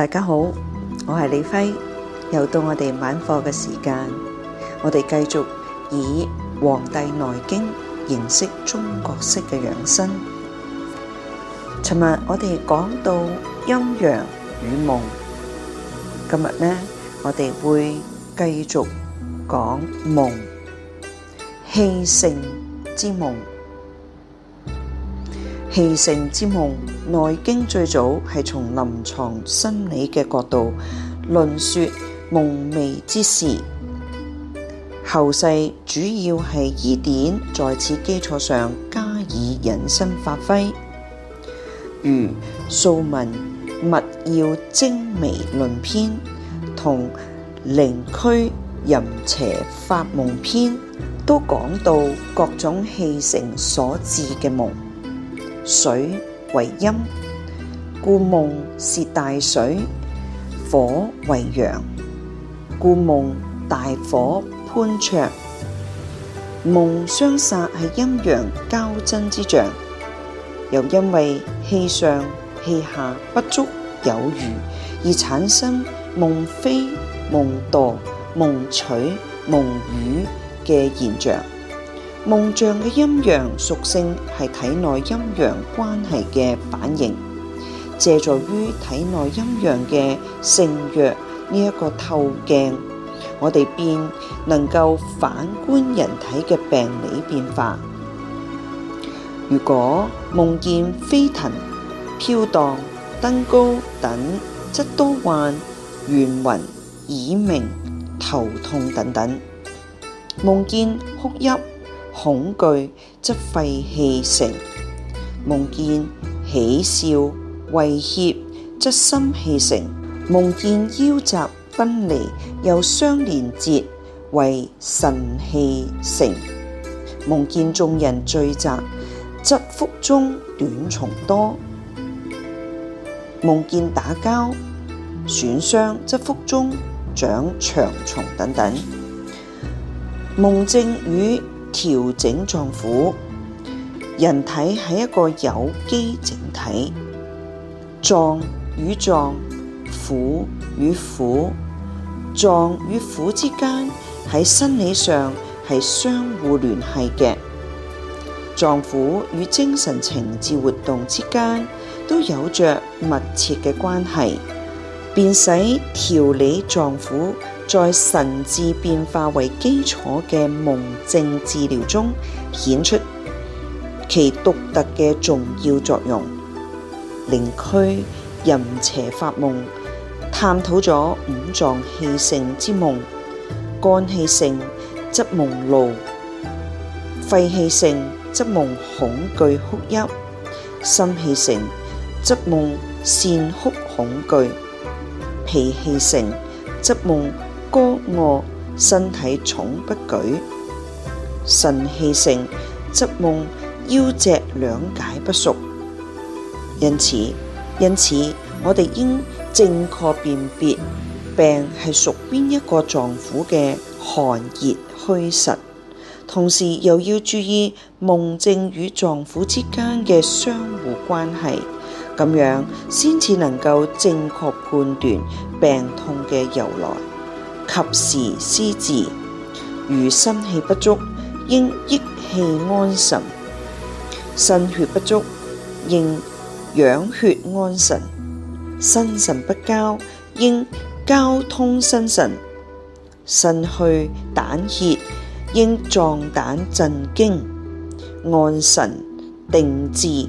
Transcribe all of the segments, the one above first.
大家好，我係李輝，又到我哋晚課嘅時間，我哋繼續以《黃帝內經》認識中國式嘅養生。尋日我哋講到陰陽與夢，今日呢我哋會繼續講夢，氣盛之夢。氣盛之夢，《內經》最早係從臨床心理嘅角度論說夢寐之事，後世主要係醫典在此基礎上加以引申發揮，如、嗯《素問物要精微論篇》同《靈區淫邪發夢篇》都講到各種氣盛所致嘅夢。水為陰，故夢是大水；火為陽，故夢大火燔灼。夢相殺係陰陽交爭之象，又因為氣上氣下不足有餘，而產生夢飛、夢墮、夢取、夢予嘅現象。夢象嘅陰陽屬性係體內陰陽關係嘅反應，藉助於體內陰陽嘅盛弱呢一個透鏡，我哋便能夠反觀人體嘅病理變化。如果夢見飛騰、飄蕩、登高等，則多患眩暈、耳鳴、頭痛等等。夢見哭泣，恐懼則肺氣盛，夢見喜笑畏怯則心氣盛，夢見腰脊分離又相連接為腎氣盛，夢見眾人聚集則腹中短蟲多，夢見打交損傷則腹中長長蟲等等。夢症與調整臟腑，人體係一個有機整體，臟與臟、腑與腑、臟與腑之間喺生理上係相互聯繫嘅，臟腑與精神情志活動之間都有着密切嘅關係。便使調理臟腑在神志變化為基礎嘅夢症治療中顯出其獨特嘅重要作用。靈樞淫邪發夢，探討咗五臟氣盛之夢：肝氣盛則夢怒，肺氣盛則夢恐懼哭泣，心氣盛則夢善哭恐懼。脾氣盛，則夢歌樂，身體重不舉；腎氣盛，則夢腰脊兩解不熟。因此，因此，我哋應正確辨別病係屬邊一個臟腑嘅寒熱虛實，同時又要注意夢症與臟腑之間嘅相互關係。咁樣先至能夠正確判斷病痛嘅由來，及時施治。如心氣不足，應益氣安神；腎血不足，應養血安神；心神不交，應交通心神；腎虛膽怯，應壯膽鎮驚，安神定志。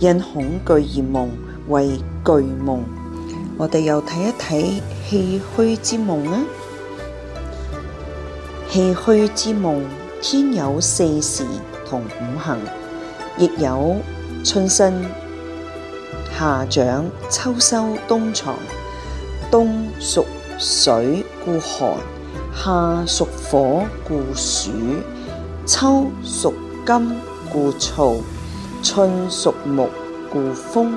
因恐懼而夢為懼夢，我哋又睇一睇氣虛之夢啊！氣虛之夢，天有四時同五行，亦有春生、夏長、秋收、冬藏。冬屬水，故寒；夏屬火，故暑；秋屬金，故燥。春屬木，故風；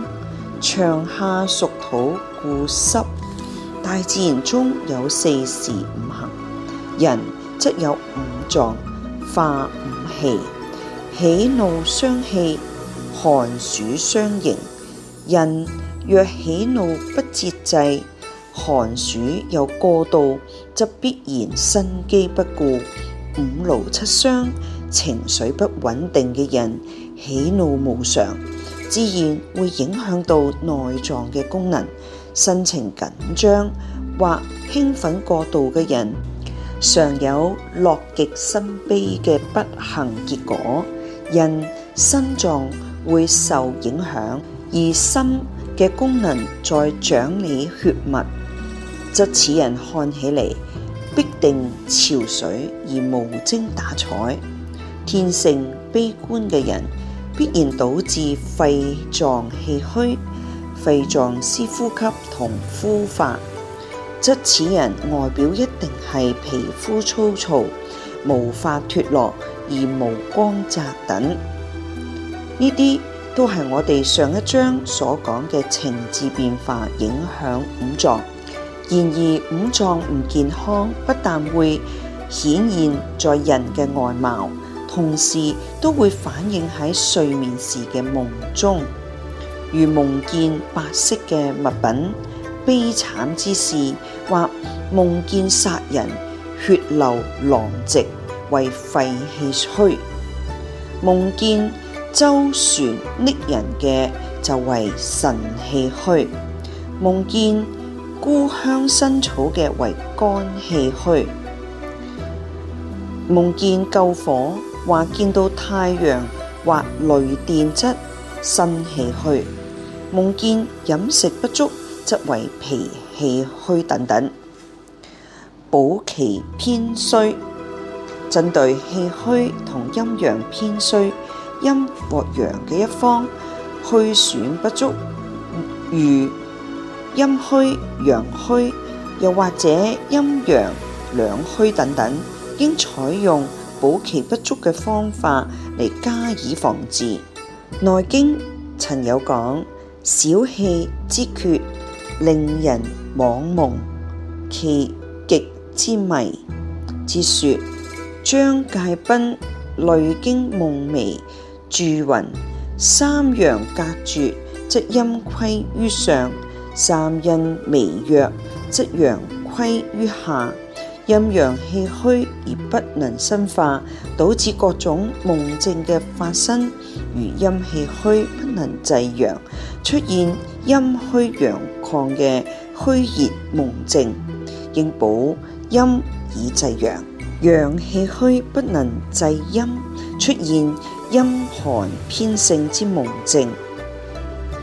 長夏屬土，故濕。大自然中有四時五行，人則有五臟化五氣。喜怒傷氣，寒暑傷形。人若喜怒不節制，寒暑又過度，則必然生機不顧，五勞七傷，情緒不穩定嘅人。喜怒無常，自然會影響到內臟嘅功能。心情緊張或興奮過度嘅人，常有樂極生悲嘅不幸結果。人心臟會受影響，而心嘅功能在掌理血脈，則此人看起嚟必定憔悴而無精打采。天性悲觀嘅人。必然導致肺臟氣虛，肺臟司呼吸同膚髮，則此人外表一定係皮膚粗糙、毛髮脱落而無光澤等。呢啲都係我哋上一章所講嘅情志變化影響五臟。然而五臟唔健康，不但會顯現在人嘅外貌。同時都會反映喺睡眠時嘅夢中，如夢見白色嘅物品、悲慘之事或夢見殺人、血流狼藉，為肺氣虛；夢見舟船溺人嘅就為腎氣虛；夢見孤香生草嘅為肝氣虛；夢見救火。話見到太陽或雷電則腎氣虛，夢見飲食不足則為脾氣虛等等，補其偏虛，針對氣虛同陰陽偏虛，陰或陽嘅一方虛損不足，如陰虛、陽虛，又或者陰陽兩虛等等，應採用。.補其不足嘅方法嚟，加以防治。《內經》曾有講小氣之缺，令人妄夢，其極之迷之說。張介賓《內經夢微注云：三陽隔絕，則陰虧於上；三陰微弱，則陽虧於下。陰陽氣虛而不能生化，導致各種夢症嘅發生，如陰氣虛不能制陽，出現陰虛陽亢嘅虛熱夢症，應補陰以制陽；陽氣虛不能制陰，出現陰寒偏盛之夢症，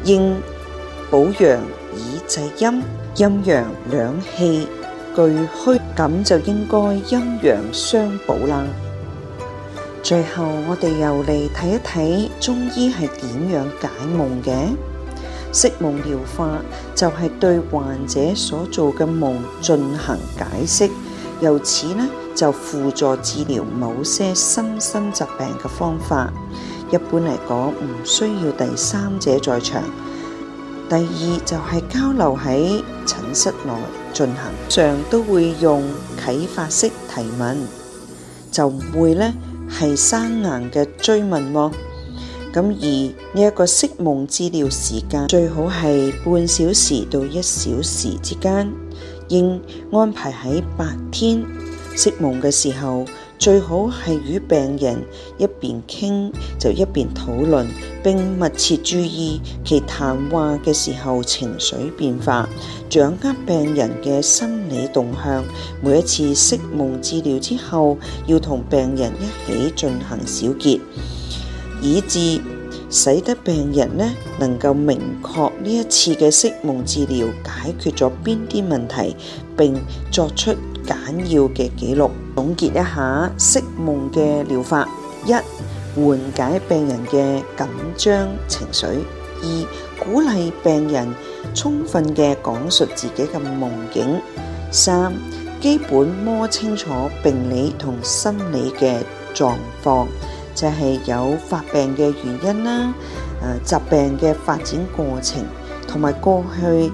應補陽以制陰。陰陽兩氣。具虛，咁就應該陰陽相補啦。最後我哋又嚟睇一睇中醫係點樣解夢嘅？釋夢療法就係對患者所做嘅夢進行解釋，由此呢就輔助治療某些心身疾病嘅方法。一般嚟講，唔需要第三者在場。第二就係交流喺診室內進行，常都會用啟發式提問，就唔會呢係生硬嘅追問喎。咁而呢一個色夢治療時間最好係半小時到一小時之間，應安排喺白天色夢嘅時候。最好係與病人一邊傾就一邊討論，並密切注意其談話嘅時候情緒變化，掌握病人嘅心理動向。每一次釋夢治療之後，要同病人一起進行小結，以至使得病人呢能夠明確呢一次嘅釋夢治療解決咗邊啲問題，並作出簡要嘅記錄。總結一下釋夢嘅療法：一、緩解病人嘅緊張情緒；二、鼓勵病人充分嘅講述自己嘅夢境；三、基本摸清楚病理同心理嘅狀況，就係有發病嘅原因啦，誒，疾病嘅發展過程，同埋過去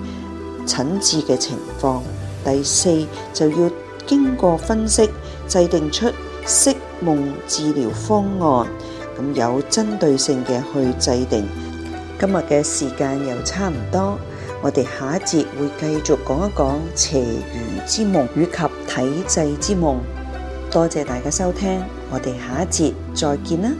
診治嘅情況。第四，就要經過分析。制定出色夢治療方案，咁有針對性嘅去制定。今日嘅時間又差唔多，我哋下一節會繼續講一講邪寓之夢以及體制之夢。多謝大家收聽，我哋下一節再見啦。